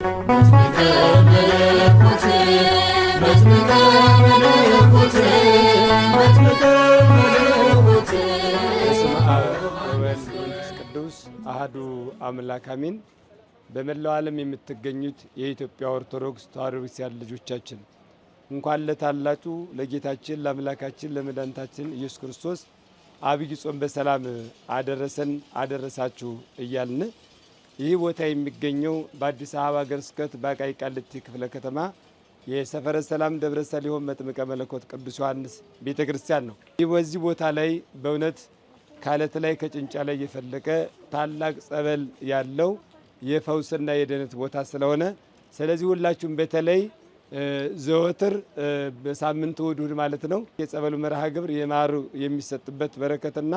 አህዱ አምላክ አሜን። በመላው ዓለም የምትገኙት የኢትዮጵያ ኦርቶዶክስ ተዋሕዶ ቤተክርስቲያን ልጆቻችን እንኳን ለታላቁ ለጌታችን ለአምላካችን ለመድኃኒታችን ኢየሱስ ክርስቶስ አብይ ጾም በሰላም አደረሰን አደረሳችሁ እያልን ይህ ቦታ የሚገኘው በአዲስ አበባ ሀገረ ስብከት በአቃቂ ቃሊቲ ክፍለ ከተማ የሰፈረ ሰላም ደብረ ሰሊሆም መጥምቀ መለኮት ቅዱስ ዮሐንስ ቤተ ክርስቲያን ነው። ይህ በዚህ ቦታ ላይ በእውነት ከአለት ላይ ከጭንጫ ላይ የፈለቀ ታላቅ ጸበል ያለው የፈውስና የደህነት ቦታ ስለሆነ ስለዚህ ሁላችሁም በተለይ ዘወትር በሳምንት እሑድ ማለት ነው የጸበሉ መርሃ ግብር የማሩ የሚሰጥበት በረከትና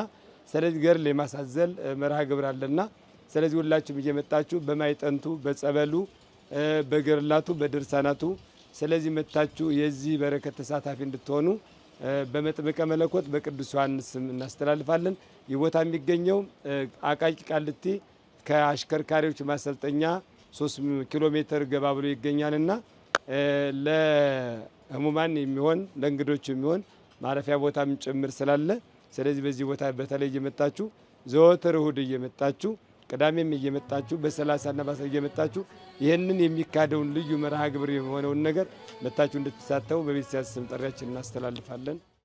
ስለዚህ ገር የማሳዘል መርሃ ግብር አለና ስለዚህ ሁላችሁም እየመጣችሁ በማይጠንቱ በጸበሉ፣ በግርላቱ በድርሳናቱ ስለዚህ መታችሁ የዚህ በረከት ተሳታፊ እንድትሆኑ በመጥምቀ መለኮት በቅዱስ ዮሐንስ ስም እናስተላልፋለን። ይህ ቦታ የሚገኘው አቃቂ ቃልቲ ከአሽከርካሪዎች ማሰልጠኛ 3 ኪሎ ሜትር ገባ ብሎ ይገኛልና ለህሙማን የሚሆን ለእንግዶች የሚሆን ማረፊያ ቦታም ጭምር ስላለ ስለዚህ በዚህ ቦታ በተለይ እየመጣችሁ ዘወትር እሁድ እየመጣችሁ ቅዳሜም እየመጣችሁ በሰላሳና በአስራ እየመጣችሁ ይህንን የሚካደውን ልዩ መርሃ ግብር የሆነውን ነገር መታችሁ እንድትሳተፉ በቤተሰብ ስም ጥሪያችን እናስተላልፋለን።